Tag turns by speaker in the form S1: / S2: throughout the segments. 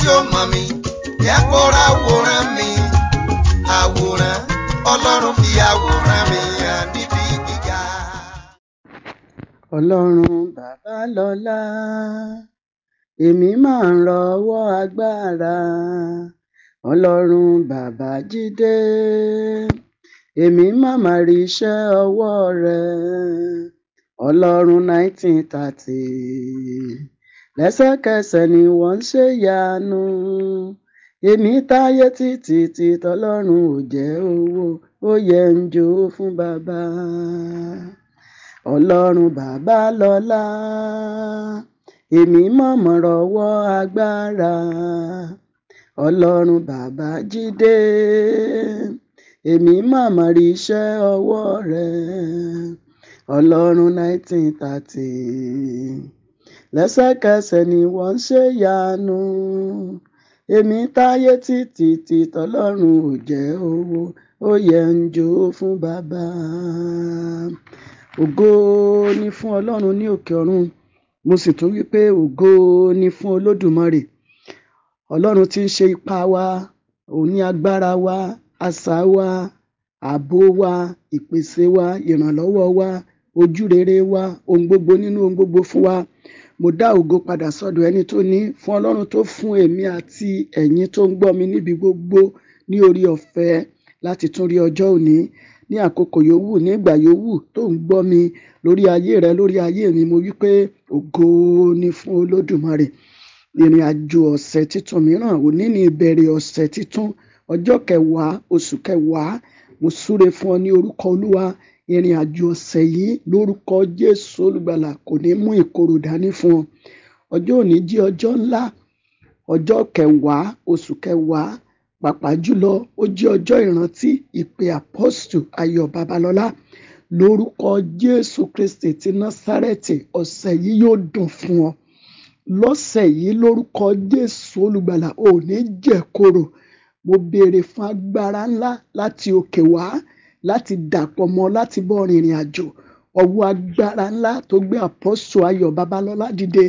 S1: tí ó mọ̀ mi yẹ kó ra àwòrán mi àwòrán ọlọ́run fi àwòrán mi hàn níbi gíga.
S2: ọlọ́run bàbá lọ́lá èmi máa ń rọwọ́ agbára ọlọ́run bàbá jídé èmi máa máa rí iṣẹ́ ọwọ́ rẹ̀ ọlọ́run nineteen thirty lẹ́sẹ̀kẹsẹ̀ ni wọ́n ń ṣèyanu èmi táyé títí tí tọlọ́run ò jẹ́ owó ó yẹ ń jó fún bàbá ọlọ́run bàbá lọ́lá èmi mọ̀mọ́ rọwọ́ agbára ọlọ́run bàbá jídé èmi màmá rí iṣẹ́ ọwọ́ rẹ̀ ọlọ́run nineteen thirty lẹ́sẹ̀kẹsẹ̀ ni wọ́n ṣe yanu èmi táyé títí tí tọlọ́run ò jẹ́ owó ó yẹ ń jó fún bàbá ògo ni fún ọlọ́run ní òkè ọ̀run mo sì tún wí pé ògo ni fún olódùmarè ọlọ́run tí ń ṣe ipa wa òun ní agbára wa asà wa ààbò wa ìpèsè wa ìrànlọ́wọ́ wa ojú wa ohun gbogbo nínú ohun gbogbo fún wa mo dá ògo padà sọ́dọ̀ ẹni tó ní fún Ọlọ́run tó fún èmi àti ẹ̀yin tó ń gbọ́ mi níbi gbogbo ní orí ọ̀fẹ́ láti tún rí ọjọ́ òní ní àkókò yòówù ní ìgbà yòówù tó ń gbọ́ mi lórí ayé rẹ lórí ayé mi mo wí pé ògo ni fún Olódùmarè ìrìn àjò ọ̀sẹ̀ titun mìíràn òní ni ìbẹ̀rẹ̀ ọ̀sẹ̀ titun ọjọ́ kẹwàá oṣù kẹwàá mo súre fún ọ ní orúkọ Olúwa ìrìn àjò ọ̀sẹ̀ yìí lórúkọ Jésù olùgbàlà kò ní mú ìkorò dání fún ọ ọjọ́ òní jẹ́ ọjọ́ ńlá ọjọ́ kẹwàá oṣù kẹwàá pàápàá jùlọ ó jẹ́ ọjọ́ ìrántí ìpè àpọ́sítù Ayọ̀ Babalọ́lá lórúkọ Jésù Kristi ti Násárẹ́tì ọ̀sẹ̀ yìí yóò dùn fún ọ lọ́sẹ̀ yìí lórúkọ Jésù olùgbàlà ò ní jẹ̀korò mo béèrè fún agbára ńlá láti òkè wá láti dàpọ̀ mọ́ láti bọ́ rìnrìn àjò ọwọ́ agbára ńlá tó gbé àpọ́sù ayọ̀ babalọ́lá dìde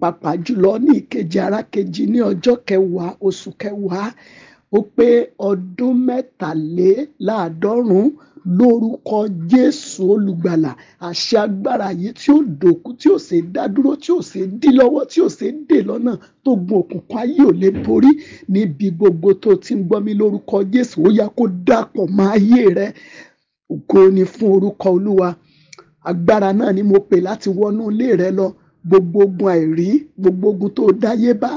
S2: pàpà jùlọ ní ìkejì ara kejì ní ọjọ́ kẹwàá oṣù kẹwàá ó pé ọdún mẹ́tàléláàádọ́rùn-ún lórúkọ Jésù olùgbàlà àṣẹ agbára yìí tí ó dòkú tí ò ṣe dá dúró tí ò ṣe dí lọ́wọ́ tí ò ṣe dè lọ́nà tó gun òkùnkùn ayé ò lè borí níbi gbogbo tó ti ń gbọ́ mi lórúkọ Jésù ó yá kó dàpọ̀ mọ́ ayé rẹ ògo ni fún orúkọ Olúwa agbára náà ni mo pè láti wọnú ilé rẹ lọ gbogbo ogun àìrí gbogbo ogun tó dáyé bá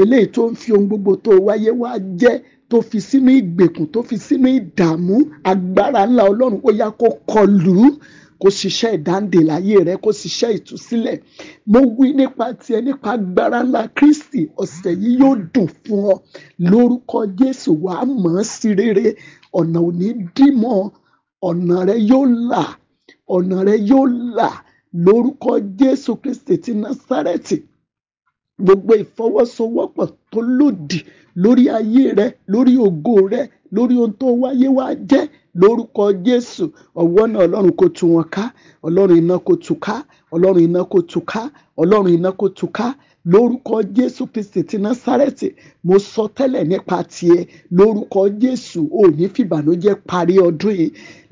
S2: eléyìí tó ń fi ohun gbogbo tó wáyé wá jẹ́ tó fi sínú ìgbèkùn tó fi sínú ìdààmú agbára ńlá ọlọ́run ó yá kó kọlù ú kó ṣiṣẹ́ ìdáǹdè láyé rẹ kó ṣiṣẹ́ ìtúsílẹ̀ mo wí nípa tiẹ̀ nípa agbára ńlá Kristi ọ̀sẹ̀ yìí yóò dùn fún ọ lórúkọ Jésù wàá mọ̀ ọ́ sí rere ọ̀nà ò ní ọ̀nà rẹ yóò là ọ̀nà rẹ yóò là lórúkọ Jésù Kristi ti Násárẹ́tì gbogbo ìfọwọ́sowọ́pọ̀ tó lòdì lórí ayé rẹ lórí ògo rẹ lórí ohun tó wáyé wá jẹ́ lórúkọ Jésù ọwọ́ náà Ọlọ́run kò tú wọn ká Ọlọ́run iná kò tú ká Ọlọ́run iná kò tú ká lórúkọ jésù kristi ti násárẹ́tì mo sọ tẹ́lẹ̀ nípa tiẹ̀ lórúkọ jésù ò ní fìbànújẹ́ parí ọdún yìí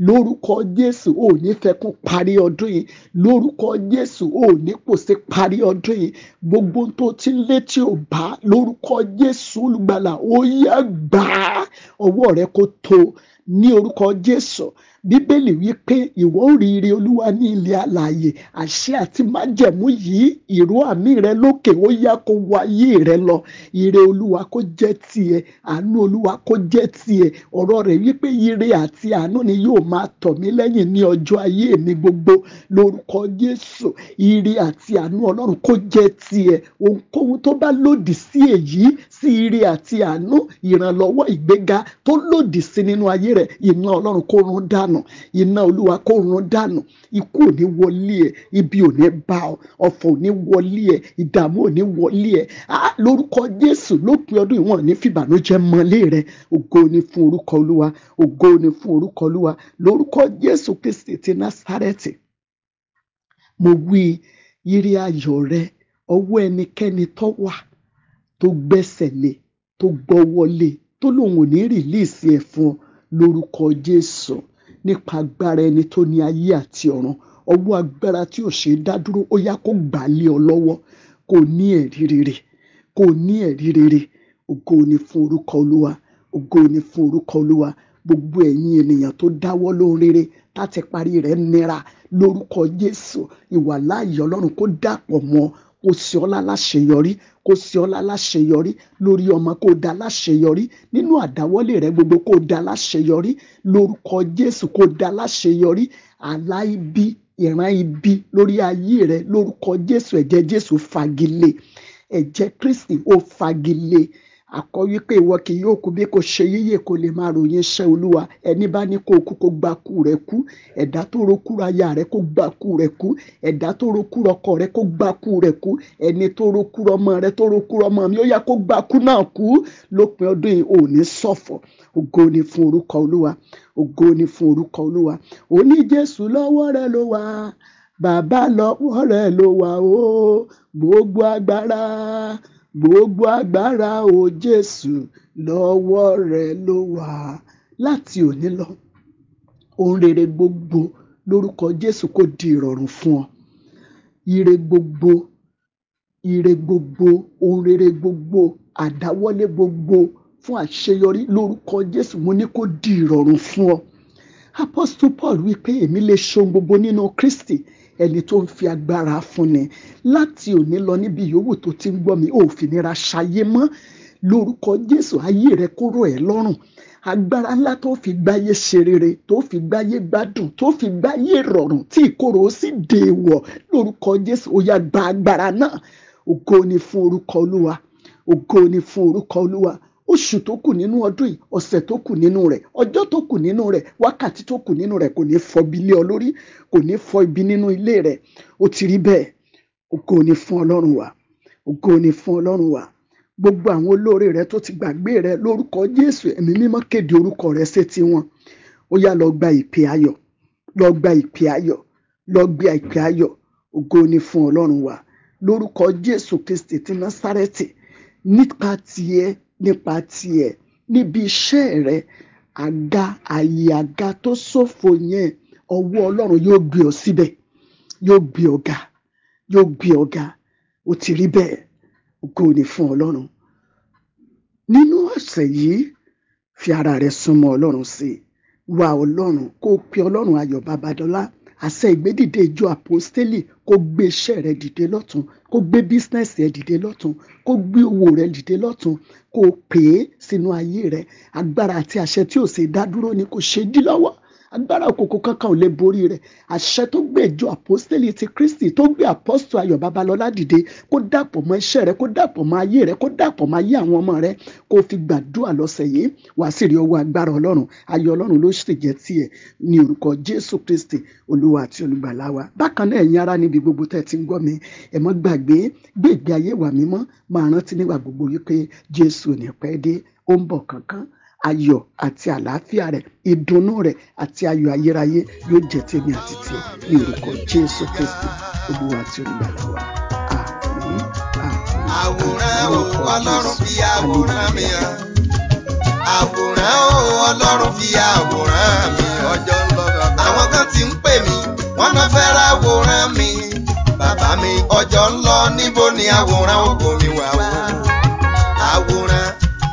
S2: lórúkọ jésù ò ní fẹkún parí ọdún yìí lórúkọ jésù ò ní pòṣe parí ọdún yìí gbogbo tó ti létí ò bá lórúkọ jésù olùgbàlà ó yá gbà á rẹ kó tó ní orúkọ Jésù bíbélì wípé ìwọ ó rí ire olúwa ní ilẹ̀ alààyè àṣẹ àti májẹ̀mú yìí ìró àmì rẹ lókè ó yá kó wọ ayé rẹ lọ ire olúwa kó jẹ́ tiẹ̀ àánú olúwa kó jẹ́ tiẹ̀ ọ̀rọ̀ rẹ̀ wípé ire àti àánú ni yóò máa tọ̀ mí lẹ́yìn ní ọjọ́ ayé mi gbogbo lórúkọ Jésù ire àti àánú ọlọ́run kó jẹ́ tiẹ̀ ohunkóhun tó bá lòdì sí èyí sí ire àti àánú ìrànlọ́wọ́ ìgbéga tó lòdì sí nínú ayé rẹ̀ iná ọlọ́run kó run dànù iná olúwa kó run dànù ikú òní wọlé ẹ ibi òní bá ọ ọ̀fọ̀ òní wọlé ẹ ìdààmú wọlé ẹ lórúkọ jésù lópin ọdún ìwọ̀n ní fìbànújẹ́ mọ́lé rẹ ògo ni fún orúkọ olúwa ògo ni kristi ti Nasareti, mo wí yírí ayọ̀ rẹ ọwọ́ ẹnikẹ́ni tó wà tó gbẹ́sẹ̀ lé tó tó lòun ò ní rìlíìsì ẹ̀ lórúkọ Jésù nípa agbára ẹni tó ní ayé àti ọ̀run ọwọ́ agbára tí ò ṣeé dá dúró ó yá kó gbà lé ọ lọ́wọ́ kó ní ẹ̀rí rere kó ní ẹ̀rí rere ògo ni fún orúkọ olúwa ògo ni fún orúkọ olúwa gbogbo ẹ̀yin ènìyàn tó dáwọ́ lóhun rere láti parí rẹ̀ nira lórúkọ Jésù ìwà Ọlọ́run kó dàpọ̀ mọ́ kò sí ọ́ láláṣeyọrí kò sí ọ́ láláṣeyọrí lórí ọmọ kò dá láṣeyọrí nínú àdáwọ́lé rẹ gbogbo kò dá láṣeyọrí lórúkọ Jésù kò dá láṣeyọrí àlá ibi ìran ibi lórí ayé rẹ lórúkọ Jésù ẹ̀jẹ̀ Jésù fagilé ẹ̀jẹ̀ Kristi ó fagilé àkọ́ wípé ìwọ kì yóò kú bí kò ṣe yíyè kò lè máa ròyìn iṣẹ́ olúwa ẹni bá ní kó kú kó gba kú rẹ̀ kú ẹ̀dá tó rokúra aya rẹ̀ kó gba kú rẹ̀ kú ẹ̀dá tó rokúra ọkọ rẹ̀ kó gba kú rẹ̀ kú ẹni tó rokúra ọmọ rẹ̀ tó rokúra ọmọ mi ó yá kó gba kú náà kú lópin ọdún yìí ò ní ògo ni fún orúkọ olúwa ògo ni fún orúkọ olúwa òní jésù lọ́wọ́ rẹ̀ ló wà bàbá lọ́wọ́ rẹ̀ ló wà ó gbogbo agbára Gbogbo agbára o Jésù lọ́wọ́ rẹ ló wà láti òní lọ. Ohun rere gbogbo lórúkọ Jésù kò di ìrọ̀rùn fún ọ. Ire gbogbo, ire gbogbo, ohun rere gbogbo, àdáwọ́lé gbogbo fún àṣeyọrí lórúkọ Jésù mo ní kó di ìrọ̀rùn fún ọ. Apostle Paul wí pé èmi lè ṣe gbogbo nínú Kristi ẹni tó ń fi agbára fúnni láti òní lọ níbi yòówù tó ti ń gbọ́ mi ò fìnira ṣayé mọ́ lórúkọ Jésù ayé rẹ kúrò ẹ lọ́rùn agbára ńlá tó fi gbáyé ṣe rere tó fi gbáyé gbádùn tó fi gbáyé rọrùn tí ìkorò sì dèèwọ̀ lórúkọ Jésù ó gba agbára náà ògo ni fún orúkọ Olúwa ògo ni fún orúkọ Olúwa oṣù tó kù nínú ọdún yìí ọ̀sẹ̀ tó kù nínú rẹ̀ ọjọ́ tó kù nínú rẹ̀ wákàtí tó kù nínú rẹ̀ kò ní fọ ibi ilé ọ lórí kò ní fọ ibi nínú ilé rẹ̀ ó ti rí bẹ́ẹ̀ ògo ni fún ọlọ́run wa ògo ni fún ọlọ́run wa gbogbo àwọn olóore rẹ tó ti gbàgbé rẹ lórúkọ Jésù ẹ̀mí mímọ́ kéde orúkọ rẹ sétí wọn ó yá lọ gba ìpè ayọ̀ lọ gba ìpè ayọ̀ lọ gba ìpè ayọ̀ ògo ni fún ọlọ́run wa lórúkọ Jésù Kristi ti Násárẹ́tì nípa tiẹ̀ nípa tiẹ̀ níbi iṣẹ́ rẹ àga àyè àga tó ṣófo yẹn ọwọ́ ọlọ́run yóò gbé ọ síbẹ̀ yóò gbé ọ ga yóò gbé ọ ga ó ti rí bẹ́ẹ̀ ògo ni fún ọlọ́run nínú ọ̀sẹ̀ yìí fi ara rẹ súnmọ́ ọlọ́run sí i wá ọlọ́run kó o pe ọlọ́run ayọ̀ babadọ́lá àṣẹ ìgbédìde ìjọ àpọ́stélì kó gbé iṣẹ́ rẹ dìde lọ́tún kó gbé bísínẹ́sì rẹ dìde lọ́tún kó gbé owó rẹ dìde lọ́tún kó pè é sínú ayé rẹ agbára àti àṣẹ tí ò ṣe dá dúró ni kò ṣe dí lọ́wọ́ agbára òkòkò kankan ò lè borí rẹ̀ àṣẹ tó gbé ìjọ àpọ́stélì ti kristi tó gbé àpọ́stò ayọ̀ babalọ́lá dìde kó dàpọ̀ mọ́ iṣẹ́ rẹ kó dàpọ̀ mọ́ ayé rẹ kó dàpọ̀ mọ́ ayé àwọn ọmọ rẹ kó fi gbàdúrà lọ́sẹ̀ yìí wàá sì rí ọwọ́ agbára ọlọ́run ayọ̀ ọlọ́run ló sì jẹ́ tiẹ̀ ní orúkọ jésù kristi olúwa àti olùgbàlà bákan náà ẹ̀yin ará níbi gbogbo tẹ́ ti ń gbọ́ mi ẹ mọ́ gbàgbé gbègbè ayé wà mímọ́ máa rántí nígbà gbogbo yìí pé jésù ò ní pẹ́ dé ó ń bọ̀ kánkán ayọ̀ àti àlàáfíà rẹ̀ ìdùnnú rẹ̀ àti ayọ̀ ayérayé yóò jẹ́ tèmi àti tiẹ̀ ní orúkọ jésù kristi olúwa àti olùgbàlà wa
S1: àmín àmín. àwòrán o ọlọ́run fi àwòrán mi hàn àwòrán o ọlọ́run fi àwòrán mi ọjọ́ ń lọ. àwọn kan ti ń pè mí wọ́n náà fẹ́ ra àwòrán mi bàbá mi ọjọ́ ń lọ níbo ni àwòrán ògo mi.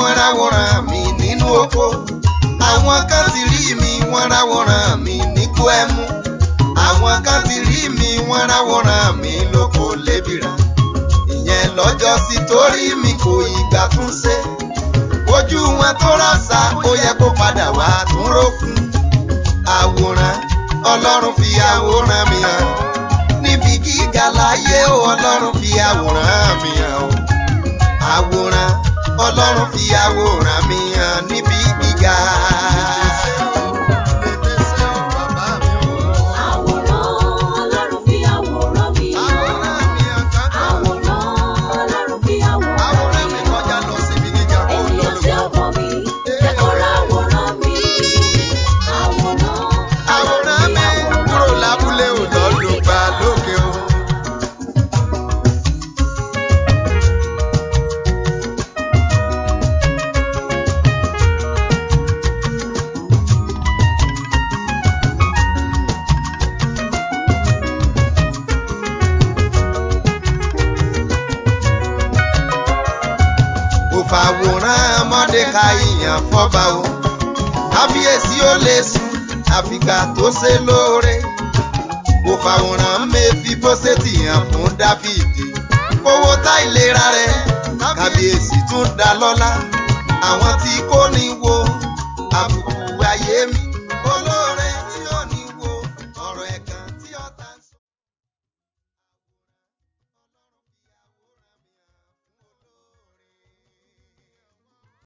S1: wọ́n ráwòrán mi nínú oko. Àwọn kan ti rí mi wọ́n ráwòrán mi níkó ẹmu. Àwọn kan ti rí mi wọ́n ráwòrán mi lóko lébìrà. Ìyẹn lọ́jọ́ sí torí mi kò ìgbà túnṣe. Ojú wọn tó rà sá ó yẹ kó padà wá tún rò. èèyàn fún dáfídì kówó tá ìlera rẹ̀ kábíyèsí tún dá lọ́lá àwọn tí kò